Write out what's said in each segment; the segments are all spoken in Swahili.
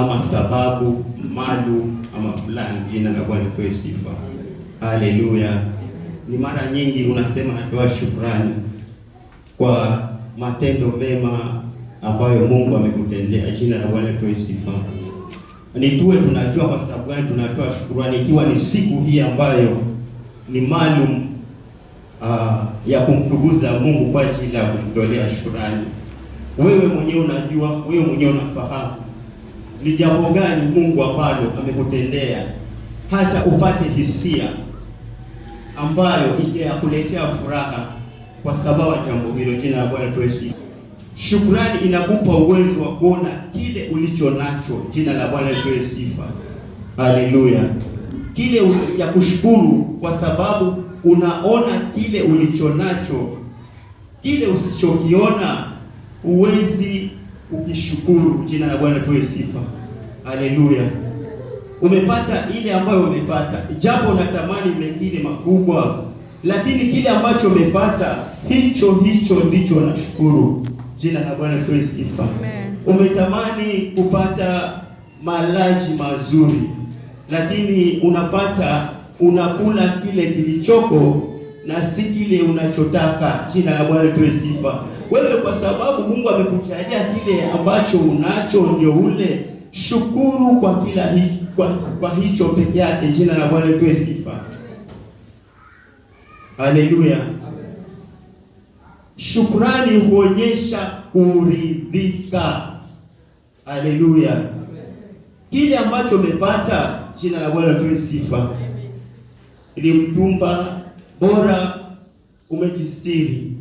ama sababu maalum ama fulani. Jina la Bwana lipewe sifa, haleluya. Ni mara nyingi unasema natoa shukrani kwa matendo mema ambayo Mungu amekutendea. Jina la Bwana lipewe sifa. Ni tuwe tunajua kwa sababu gani tunatoa shukrani, ikiwa ni siku hii ambayo ni maalum uh, ya kumtukuza Mungu kwa ajili ya kumtolea shukrani. Wewe mwenyewe unajua, wewe mwenyewe unafahamu ni jambo gani Mungu ambalo amekutendea hata upate hisia ambayo ingeyakuletea furaha kwa sababu ya jambo hilo. Jina la Bwana tuwe Shukrani inakupa uwezo wa kuona kile ulicho nacho. Jina la Bwana tuwe sifa. Haleluya. Kile ya kushukuru kwa sababu unaona kile ulicho nacho, kile usichokiona uwezi ukishukuru. Jina la Bwana tuwe sifa, haleluya. Umepata ile ambayo umepata, japo unatamani mengine makubwa, lakini kile ambacho umepata hicho hicho ndicho unashukuru. Jina la Bwana tuwe sifa. Umetamani kupata malaji mazuri, lakini unapata unakula kile kilichoko na si kile unachotaka. Jina la Bwana tuwe sifa. Wewe kwa sababu Mungu amekujalia kile ambacho unacho, ndio ule shukuru kwa kila hi, kwa, kwa hicho peke yake. Jina la Bwana lipewe sifa, haleluya. Shukrani huonyesha kuridhika, haleluya. Kile ambacho umepata, jina la Bwana lipewe sifa. Ili mtumba bora umejistiri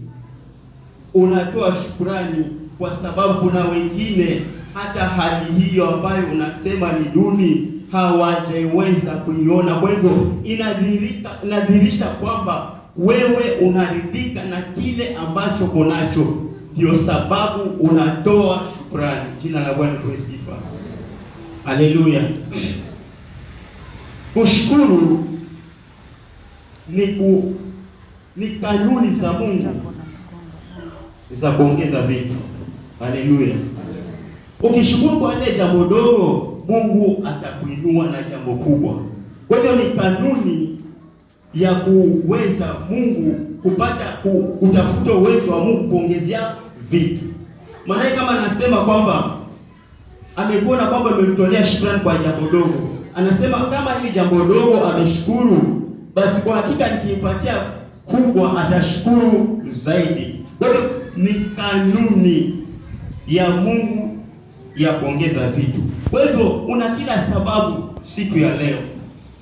unatoa shukurani kwa sababu kuna wengine hata hali hiyo ambayo unasema ni duni hawajaweza kuiona. Kwa hivyo inadhihirisha kwamba wewe unaridhika na kile ambacho kunacho, ndio sababu unatoa shukurani. Jina la Bwana tuisifa, haleluya. Kushukuru ni, ku, ni kanuni za Mungu za kuongeza vitu. Haleluya! Ukishukuru kwa ile jambo dogo, Mungu atakuinua na jambo kubwa. Kwa hiyo ni kanuni ya kuweza Mungu kupata kutafuta uwezo wa Mungu kuongezea vitu. Maana kama anasema kwamba amekuona kwamba amemtolea shukrani kwa jambo dogo, anasema kama hili jambo dogo ameshukuru, basi kwa hakika nikimpatia kubwa atashukuru zaidi. Kwa hiyo ni kanuni ya Mungu ya kuongeza vitu. Kwa hivyo una kila sababu siku ya leo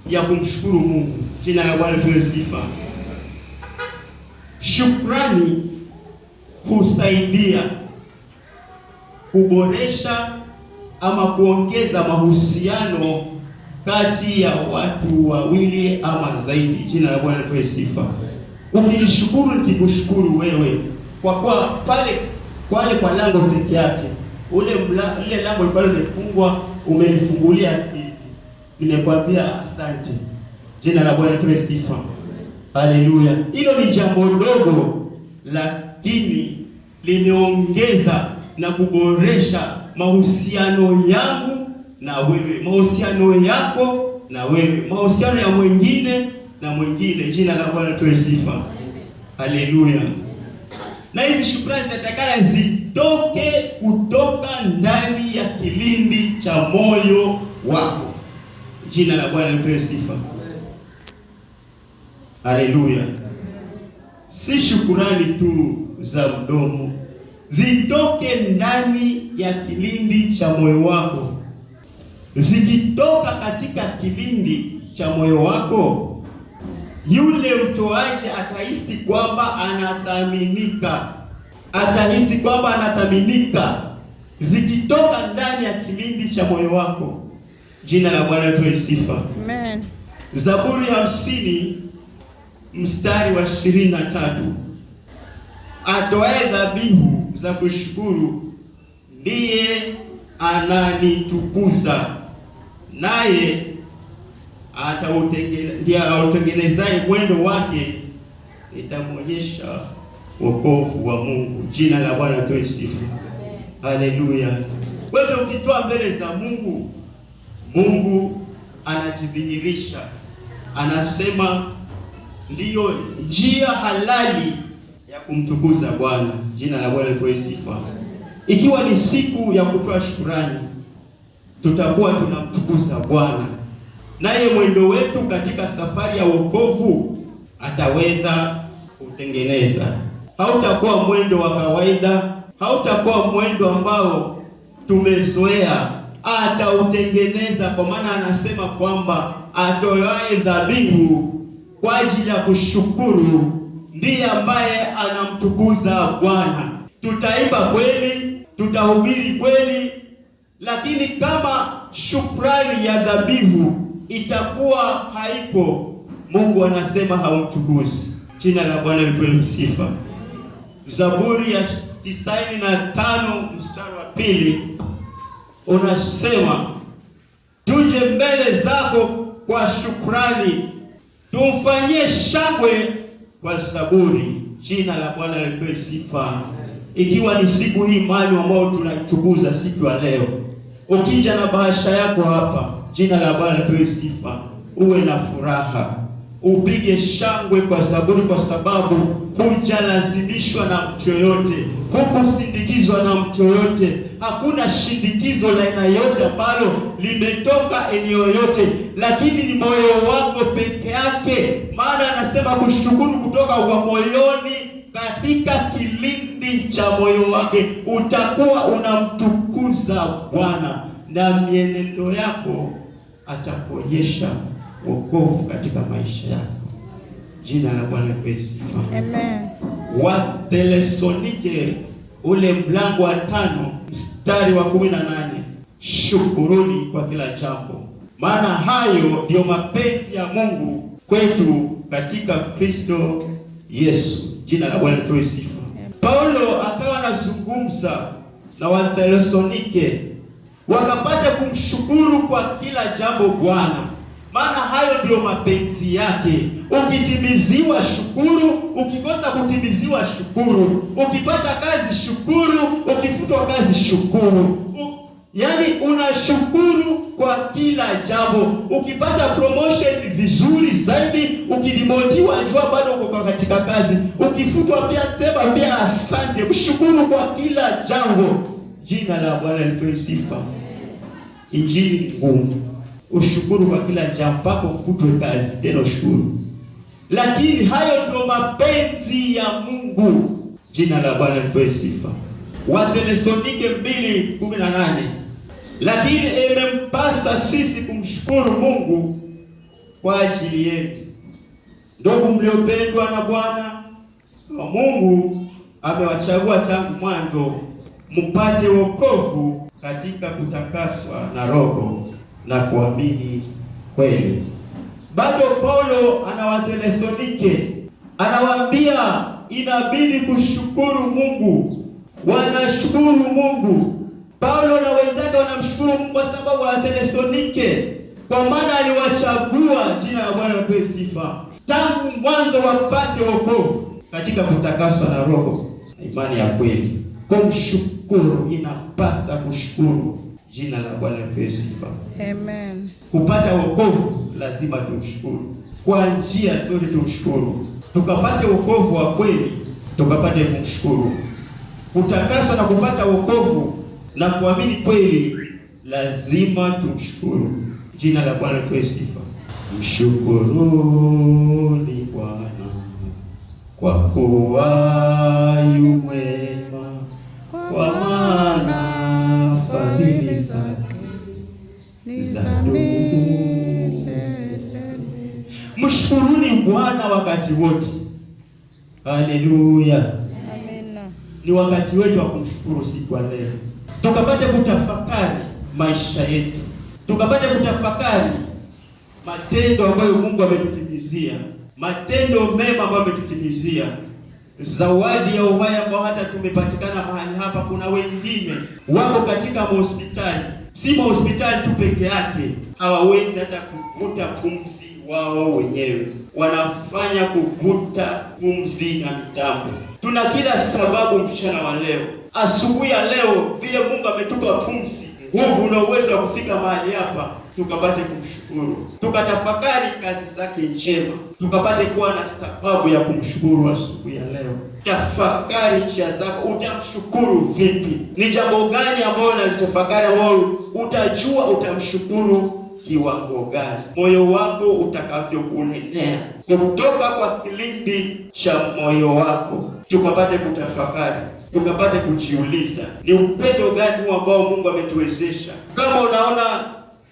ya kumshukuru Mungu. Jina la Bwana liwe sifa. Shukrani husaidia kuboresha ama kuongeza mahusiano kati ya watu wawili ama zaidi. Jina la Bwana liwe sifa. Ukinishukuru nikikushukuru wewe kwa kuwa pale pale kwa lango peke yake ule mla, ile lango ambalo limefungwa umelifungulia hivi, Nimekwambia asante. Jina la Bwana lipewe sifa. Haleluya! Hilo ni jambo dogo, lakini limeongeza na kuboresha mahusiano yangu na wewe, mahusiano yako na wewe, mahusiano ya mwingine na mwingine. Jina la Bwana tuwe sifa. Haleluya! na hizi shukrani zinatakana zitoke kutoka ndani ya kilindi cha moyo wako. Jina la Bwana lipewe sifa. Haleluya! Si shukurani tu za mdomo, zitoke ndani ya kilindi cha moyo wako. Zikitoka katika kilindi cha moyo wako yule mtoaji atahisi kwamba anathaminika, atahisi kwamba anathaminika zikitoka ndani ya kilindi cha moyo wako. Jina la Bwana lipewe sifa. Amen. Zaburi ya hamsini mstari wa ishirini na tatu atoae dhabihu za kushukuru ndiye ananitukuza, naye ndiye autengenezaye mwendo wake, itamwonyesha wokovu wa Mungu. Jina la Bwana toe sifa, haleluya. Wewe ukitoa mbele za Mungu, Mungu anajidhihirisha, anasema ndiyo njia halali ya kumtukuza Bwana. Jina la Bwana toe sifa. Ikiwa ni siku ya kutoa shukurani, tutakuwa tunamtukuza Bwana naye mwendo wetu katika safari ya wokovu ataweza kutengeneza. Hautakuwa mwendo wa kawaida, hautakuwa mwendo ambao tumezoea, atautengeneza, kwa maana anasema kwamba atoaye dhabihu kwa ajili ya kushukuru ndiye ambaye anamtukuza Bwana. Tutaimba kweli, tutahubiri kweli, lakini kama shukrani ya dhabihu itakuwa haipo, Mungu anasema haumtukuzi. Jina la Bwana lipewe sifa. Zaburi ya tisaini na tano mstari wa pili unasema tuje mbele zako kwa shukrani, tumfanyie shangwe kwa zaburi. Jina la Bwana lipewe sifa. Ikiwa ni siku hii maalum ambayo tunaichukuza siku ya leo, ukija na bahasha yako hapa Jina la Bwana lipewe sifa. Uwe na furaha, upige shangwe kwa saburi, kwa sababu hujalazimishwa na mtu yoyote, hukusindikizwa na mtu yoyote. Hakuna shindikizo la aina yote ambalo limetoka eneo yote, lakini ni moyo wako peke yake. Maana anasema kushukuru kutoka kwa moyoni katika kilindi cha moyo wake utakuwa unamtukuza Bwana na mienendo yako atakuonyesha wokovu katika maisha yako. Jina la Bwana lipewe Amen. Wathesalonike ule mlango wa tano mstari wa kumi na nane shukuruni kwa kila jambo, maana hayo ndiyo mapenzi ya Mungu kwetu katika Kristo Yesu. Jina la Bwana lipewe Paulo akawa anazungumza na Wathesalonike wakapata kumshukuru kwa kila jambo Bwana, maana hayo ndiyo mapenzi yake. Ukitimiziwa shukuru, ukikosa kutimiziwa shukuru, ukipata kazi shukuru, ukifutwa kazi shukuru. Yaani unashukuru kwa kila jambo. Ukipata promotion vizuri zaidi, ukidimotiwa njua bado uko katika kazi, ukifutwa pia sema pia asante, mshukuru kwa kila jambo. Jina la Bwana lipewe sifa. Injili ngumu, ushukuru kwa kila jambo mpaka ufutwe kazi, tena ushukuru. Lakini hayo ndio mapenzi ya Mungu. Jina la Bwana lipewe sifa. Wathesalonike 2:18 lakini imempasa sisi kumshukuru Mungu kwa ajili yenu, ndugu mliopendwa na Bwana. Mungu amewachagua tangu mwanzo mpate wokovu katika kutakaswa na Roho na kuamini kweli. Bado Paulo anawatelesonike anawaambia inabidi kushukuru Mungu, wanashukuru Mungu. Paulo na wenzake wanamshukuru Mungu kwa sababu wathesalonike, kwa maana aliwachagua. Jina la Bwana lipewe sifa, tangu mwanzo wapate wokovu katika kutakaswa na Roho na imani ya kweli kumshukuru kushukuru, inapasa kushukuru. Jina la Bwana lipewe sifa. Amen. Kupata wokovu lazima tumshukuru kwa njia nzuri, tumshukuru, tukapate wokovu wa kweli, tukapate kumshukuru. Kutakaswa na kupata wokovu na kuamini kweli, lazima tumshukuru. Jina la Bwana lipewe sifa. Mshukuruni Bwana kwa kuwa yu mwema Bwana fadhili zake Mshukuruni Bwana wakati wote. Haleluya, amina. Ni wakati wetu wa kumshukuru siku ya leo, tukapate kutafakari maisha yetu, tukapate kutafakari matendo ambayo Mungu ametutimizia, matendo mema ambayo ametutimizia zawadi ya uhai ambao hata tumepatikana mahali hapa. Kuna wengine wako katika hospitali, si hospitali tu peke yake, hawawezi hata kuvuta pumzi wao wenyewe, wanafanya kuvuta pumzi na mitambo. Tuna kila sababu mchana wa leo, asubuhi ya leo, vile Mungu ametupa pumzi, nguvu na uwezo wa kufika mahali hapa tukapate kumshukuru, tukatafakari kazi zake njema, tukapate kuwa na sababu ya kumshukuru asubuhi ya leo. Tafakari njia zako, utamshukuru vipi? Ni jambo gani ambayo unalitafakari ambayo utajua utamshukuru kiwango gani? Moyo wako utakavyokunenea, kutoka kwa kilindi cha moyo wako tukapate kutafakari tukapate kujiuliza, ni upendo gani huu ambao Mungu ametuwezesha. Kama unaona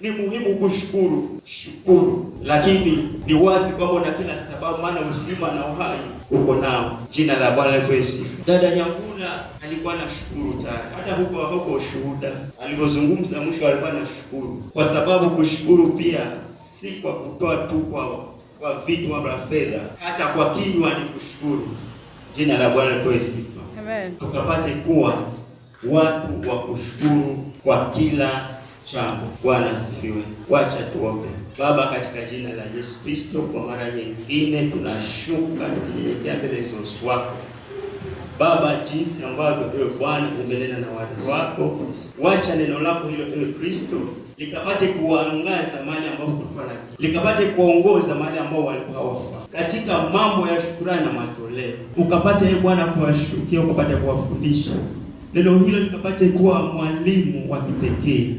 ni muhimu kushukuru, shukuru, lakini ni wazi kwamba na kila sababu, maana uzima na uhai uko nao. Jina la Bwana liwe sifa. Dada Nyanguna alikuwa shukuru tayari, hata huko hapo ushuhuda alivyozungumza mwisho, alikuwa na shukuru kwa sababu kushukuru pia si kwa kutoa tu kwa kwa vitu wala fedha, hata kwa kinywa ni kushukuru. Jina la Bwana liwe sifa. Amen. Tukapate kuwa watu wa kushukuru kwa kila chako. Bwana asifiwe. Wacha tuombe. Baba, katika jina la Yesu Kristo, kwa mara nyingine tunashuka tukinyenyekea mbele za uso wako Baba, jinsi ambavyo ewe Bwana umenena na watu wako, wacha neno lako hilo ewe Kristo likapate kuangaza mahali ambapo kulikuwa na likapate kuongoza mahali ambao walikuwa wafa katika mambo ya shukrani na matoleo, ukapate ewe Bwana kuwashukia, ukapate kuwafundisha neno hilo likapate kuwa mwalimu wa kipekee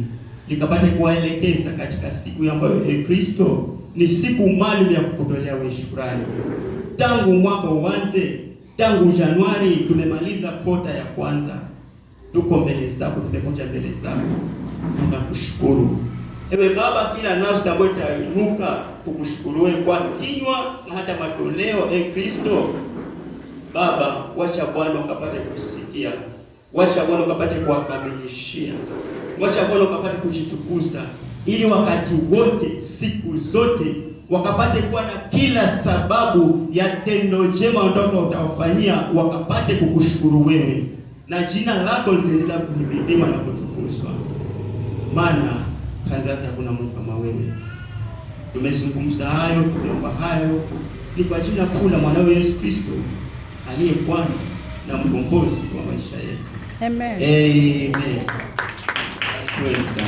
nikapate kuwaelekeza katika siku ambayo e Kristo ni siku maalum ya kukutolea wewe shukrani. Tangu mwaka uanze, tangu Januari tumemaliza kota ya kwanza, tuko mbele zako, tumekuja mbele zako, tunakushukuru ewe Baba, kila nafsi ambayo itainuka kukushukuru wewe kwa kinywa na hata matoleo. E Kristo Baba, wacha Bwana ukapate kusikia Wacha Bwana ukapate kuwakamilishia, wacha Bwana ukapate kujitukuza, ili wakati wote, siku zote wakapate kuwa na kila sababu ya tendo jema watoto utawafanyia, wakapate kukushukuru wewe na jina lako litaendelea kuhimidiwa na kutukuzwa, maana yake hakuna Mungu kama wewe. Tumezungumza hayo, tumeomba hayo, ni kwa jina kuu la mwanawe Yesu Kristo aliye Bwana na mkombozi wa maisha yetu. Amen. Amen.